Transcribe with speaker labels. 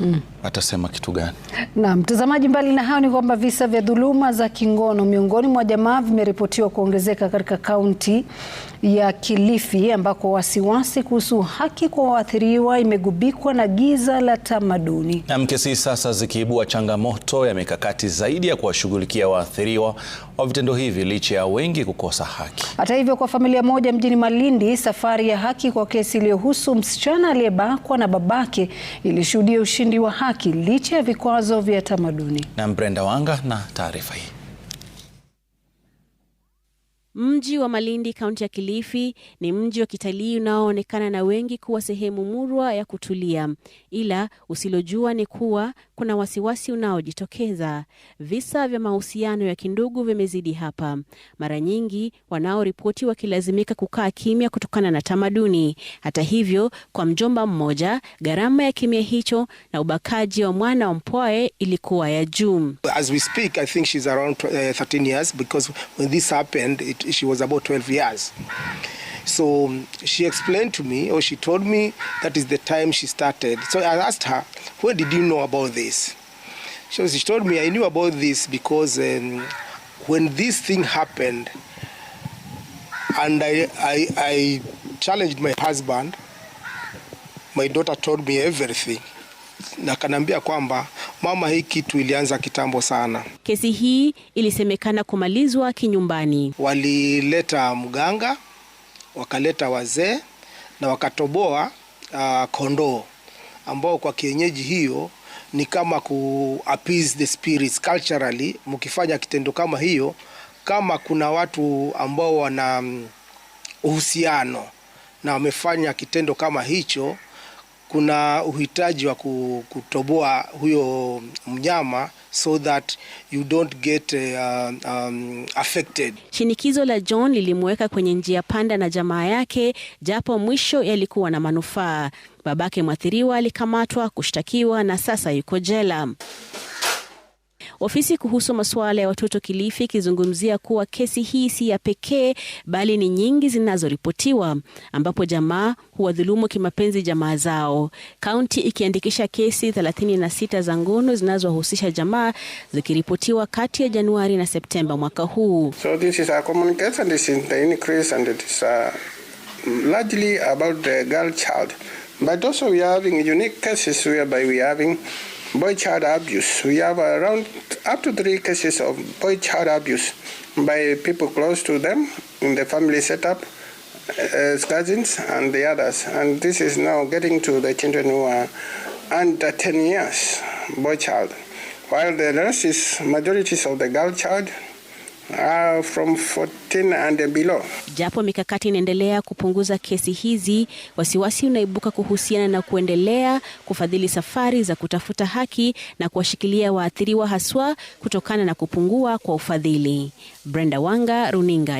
Speaker 1: mm. atasema kitu gani?
Speaker 2: Na mtazamaji, mbali na hayo ni kwamba visa vya dhuluma za kingono miongoni mwa jamaa vimeripotiwa kuongezeka katika kaunti ya Kilifi ambako wasiwasi kuhusu haki kwa waathiriwa imegubikwa na giza la tamaduni.
Speaker 1: Na kesi sasa zikiibua changamoto ya mikakati zaidi ya kuwashughulikia waathiriwa wa vitendo hivi licha ya wengi kukosa haki.
Speaker 2: Hata hivyo, kwa familia moja mjini Malindi, safari ya haki kwa kesi iliyohusu msichana aliyebakwa na babake ilishuhudia ushindi ushindi wa haki licha ya vikwazo vya tamaduni.
Speaker 1: Na Brenda Wanga na taarifa hii.
Speaker 3: Mji wa Malindi, kaunti ya Kilifi, ni mji wa kitalii unaoonekana na wengi kuwa sehemu murwa ya kutulia, ila usilojua ni kuwa kuna wasiwasi unaojitokeza. Visa vya mahusiano ya kindugu vimezidi hapa, mara nyingi wanaoripoti wakilazimika kukaa kimya kutokana na tamaduni. Hata hivyo, kwa mjomba mmoja, gharama ya kimya hicho na ubakaji wa mwana wa mpwae ilikuwa ya juu
Speaker 4: she was about 12 years so she explained to me or she told me that is the time she started so I asked her when did you know about this so she told me I knew about this because um, when this thing happened and I, I, I challenged my husband my daughter told me everything na kanaambia kwamba Mama, hii kitu ilianza kitambo sana.
Speaker 3: Kesi hii ilisemekana kumalizwa kinyumbani.
Speaker 5: Walileta mganga, wakaleta wazee na wakatoboa uh, kondoo ambao kwa kienyeji hiyo ni kama ku appease the spirits culturally. Mkifanya kitendo kama hiyo, kama kuna watu ambao wana mm, uhusiano na wamefanya kitendo kama hicho kuna uhitaji wa kutoboa huyo mnyama so that you don't get uh, um, affected.
Speaker 3: Shinikizo la John lilimweka kwenye njia panda na jamaa yake, japo mwisho yalikuwa na manufaa. Babake mwathiriwa alikamatwa, kushtakiwa na sasa yuko jela. Ofisi kuhusu masuala ya watoto Kilifi ikizungumzia kuwa kesi hii si ya pekee bali ni nyingi zinazoripotiwa ambapo jamaa huwadhulumu kimapenzi jamaa zao. Kaunti ikiandikisha kesi 36 za ngono zinazohusisha jamaa zikiripotiwa kati ya Januari na Septemba mwaka huu.
Speaker 6: So this is this is the increase and it is uh, largely about the girl child. But also we are having unique cases whereby we are having boy child abuse. We have around up to three cases of boy child abuse by people close to them in the family setup, as cousins and the others. And this is now getting to the children who are under 10 years, boy child. While the rest is majorities of the girl child Uh, from 14 and below.
Speaker 3: Japo mikakati inaendelea kupunguza kesi hizi, wasiwasi unaibuka kuhusiana na kuendelea kufadhili safari za kutafuta haki na kuwashikilia waathiriwa haswa kutokana na kupungua kwa ufadhili. Brenda Wanga, Runinga